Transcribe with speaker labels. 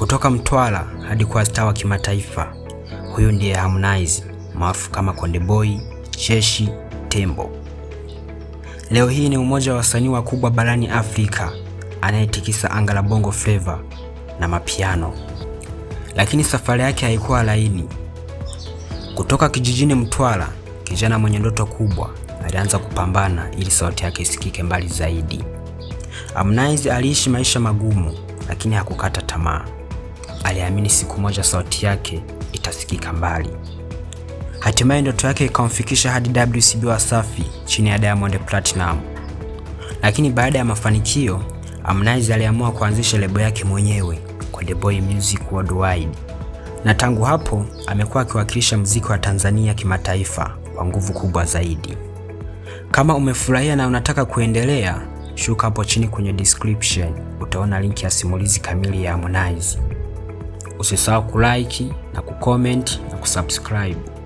Speaker 1: Kutoka Mtwara hadi kuwa staa wa kimataifa, huyu ndiye Harmonize maarufu kama Konde Boy, Cheshi, Tembo. Leo hii ni mmoja wa wasanii wakubwa barani Afrika anayetikisa anga la Bongo Flava na mapiano, lakini safari yake haikuwa laini. Kutoka kijijini Mtwara, kijana mwenye ndoto kubwa alianza kupambana ili sauti yake isikike mbali zaidi. Harmonize aliishi maisha magumu, lakini hakukata tamaa aliamini siku moja sauti yake itasikika mbali. Hatimaye ndoto yake ikamfikisha hadi WCB Wasafi chini ya Diamond Platinum. Lakini baada ya mafanikio, Harmonize aliamua kuanzisha lebo yake mwenyewe The Boy Music Worldwide, na tangu hapo amekuwa akiwakilisha muziki wa Tanzania kimataifa kwa nguvu kubwa zaidi. Kama umefurahia na unataka kuendelea, shuka hapo chini kwenye description utaona linki ya simulizi kamili ya Harmonize. Usisahau kulike na kucomment na kusubscribe.